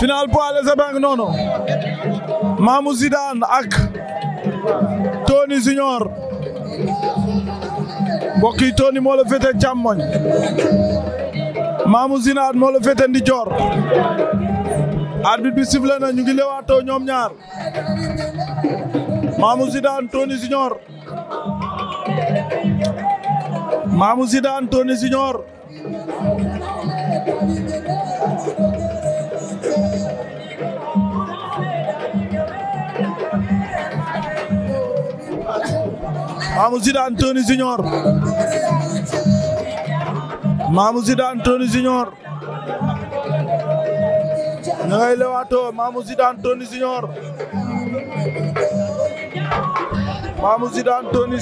final poids léger baa ngi noonu Mamou Zidane ak Tony Junior mbokk yi Tony féete càmmoñ Mamou Zidane moo la féete ndijoor arbitre bi sifflé na ñu ngi ñoom ñaar Mamou Zidane Tony Junior Mamou Zidane Tony Junior Mamou Zidane Tony Junior ña ngay lewaatoo Mamou Zidane Tony Junior Mamou Zidane Tony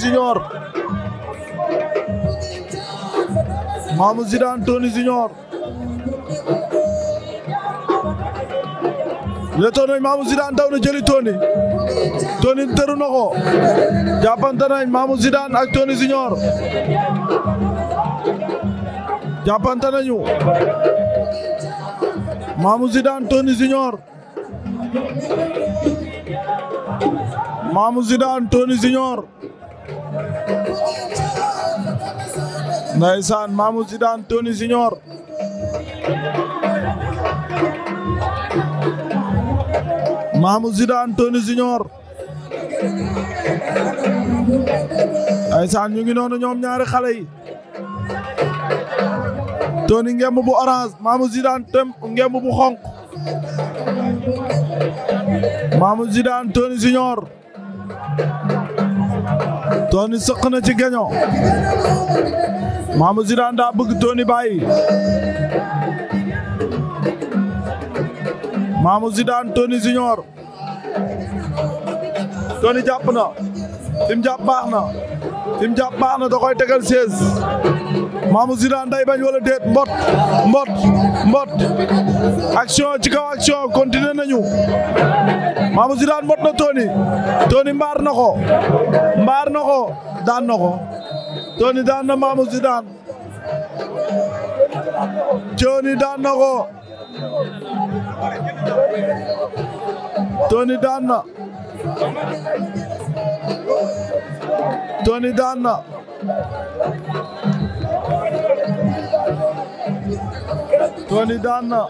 Junior Mamou leto nañ Mamou Zidane daw na jëli Tony Tony tëru na ko jàppante nañ Mamou Zidane ak Tony Junior jàppante nañu Mamou Zidane Tony Junior Mamou Zidane Tony Junior Ndeysaan Mamou Mamou Zida Anthony Junior aysaan ñu ngi noonu ñoom ñaari xale yi Tony ngemb bu orange Mamou Zida tem ngemb bu xonq Mamou Zida Anthony Junior Tony sëq ci geño Mamou Zida daa bëgg Tony bàyyi Mamou Zidane Tony Junior Tony jàpp na fi mu jàpp baax na fi mu jàpp na da koy tegal seize Mamou Zidane day bañ wala déet mbot mbot mbot action ci kaw action continuer nañu Mamou Zidane mbot na Tony Tony mbaar na ko mbaar na ko daan na ko Tony daan na Mamou Zidane Tony daan na ko Tony daan na Tony daan na Tony daan na